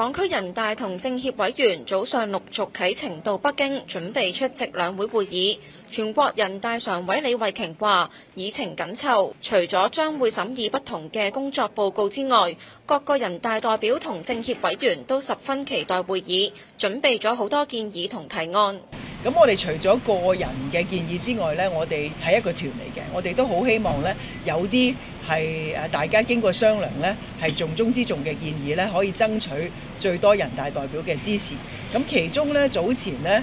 港區人大同政協委員早上陸續啟程到北京，準備出席兩會會議。全國人大常委李慧瓊話，議程緊湊，除咗將會審議不同嘅工作報告之外，各個人大代表同政協委員都十分期待會議，準備咗好多建議同提案。咁我哋除咗個人嘅建議之外呢，我哋係一個團嚟嘅，我哋都好希望呢有啲係大家經過商量呢，係重中之重嘅建議呢，可以爭取最多人大代表嘅支持。咁其中呢，早前呢，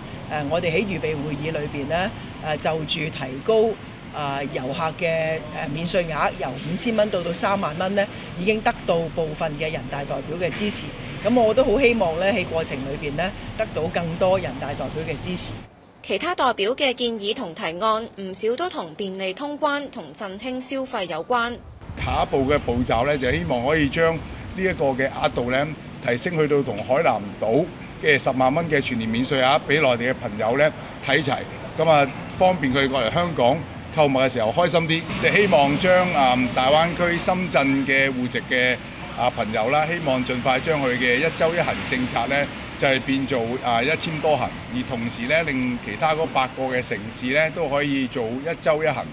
我哋喺預備會議裏面呢，就住提高啊遊客嘅呃免稅額，由五千蚊到到三萬蚊呢，已經得到部分嘅人大代表嘅支持。咁我都好希望呢，喺過程裏面呢，得到更多人大代表嘅支持。其他代表嘅建議同提案唔少都同便利通關同振興消費有關。下一步嘅步驟咧，就希望可以將這呢一個嘅額度咧提升去到同海南島嘅十萬蚊嘅全年免稅額，俾內地嘅朋友咧睇齊，咁啊方便佢哋過嚟香港購物嘅時候開心啲。即係希望將啊大灣區深圳嘅戶籍嘅啊朋友啦，希望盡快將佢嘅一周一行政策咧就係變做啊一簽多行，而同時咧令其他嗰八個嘅城市咧都可以做一周一行。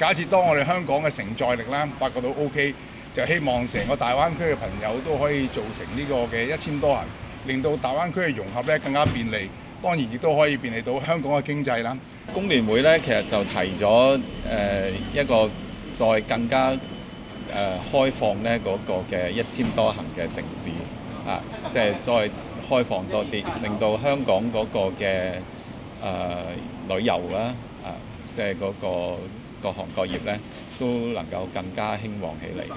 假設當我哋香港嘅承載力啦，發覺到 OK，就希望成個大灣區嘅朋友都可以做成呢個嘅一簽多行，令到大灣區嘅融合咧更加便利。當然亦都可以便利到香港嘅經濟啦。工聯會咧，其實就提咗誒一個再更加誒開放咧嗰個嘅一簽多行嘅城市啊，即係再開放多啲，令到香港嗰個嘅誒旅遊啦啊，即係嗰個。各行各業咧都能夠更加興旺起嚟嘅。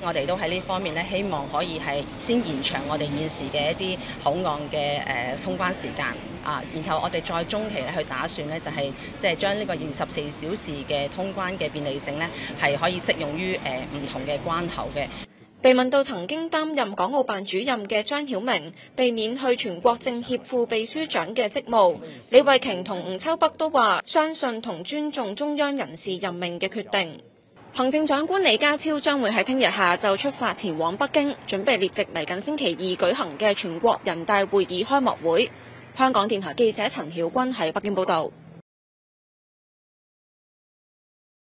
我哋都喺呢方面咧，希望可以係先延長我哋現時嘅一啲口岸嘅誒通關時間啊，然後我哋再中期咧去打算咧，就係即係將呢個二十四小時嘅通關嘅便利性咧，係可以適用於誒唔同嘅關口嘅。被問到曾經擔任港澳辦主任嘅張曉明被免去全國政協副秘書長嘅職務，李慧瓊同吳秋北都話相信同尊重中央人事任命嘅決定。行政長官李家超將會喺聽日下晝出發前往北京，準備列席嚟緊星期二舉行嘅全國人大會議開幕會。香港電台記者陳曉君喺北京報道。